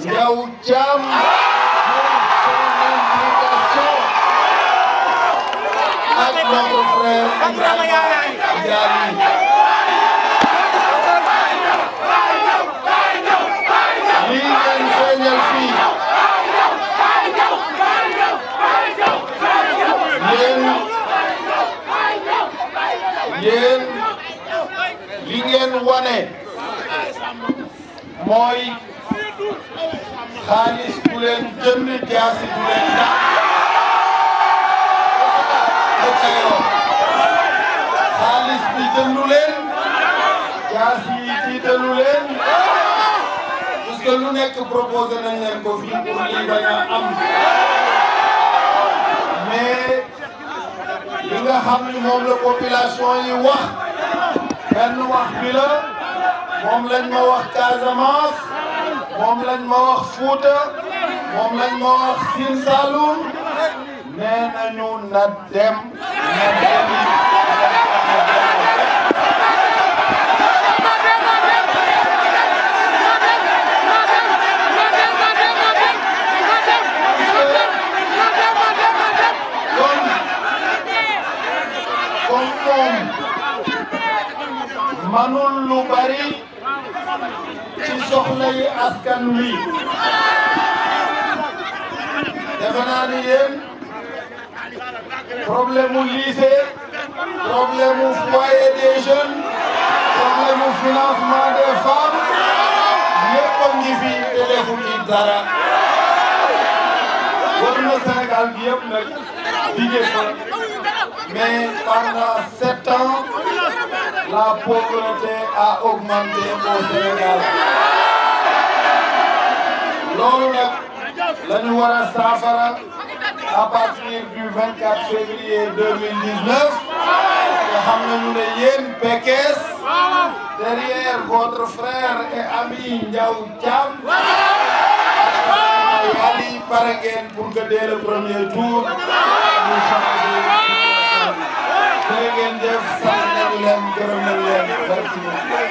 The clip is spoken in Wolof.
dầu châm Ông Ramayana này Dành yéen li ngeen wane mooy xaalis bu leen jënd jaasi bu leen daan xaalis bi jëndu leen jaasi yi jiitalu leen parce que lu nekk proposé nañ leen ko fii pour lii bañ a am mais li nga xam ni moom la population yi wax benn wax bi la moom lañ ma wax Casamance. moom lañ ma wax Fuuta moom lañ ma wax Siin Saalum nee nañu na dem na dem. manul lu bari ci soxla askan wi defe naa ni yéen problème mu lycée problème mu foyer des jeunes problème mu financement des femmes fi te defu war na Sénégal bi yëpp nag liggéey fa mais pendant sept la pauvreté a augmenté au Sénégal loolu la nouvelle Safara, à partir du 24 février 2019 le Yen Pekes derrière votre frère et ami Ndiaw Thiam Ali Paragen pour que dès le premier tour nous changer gërëm nañ leen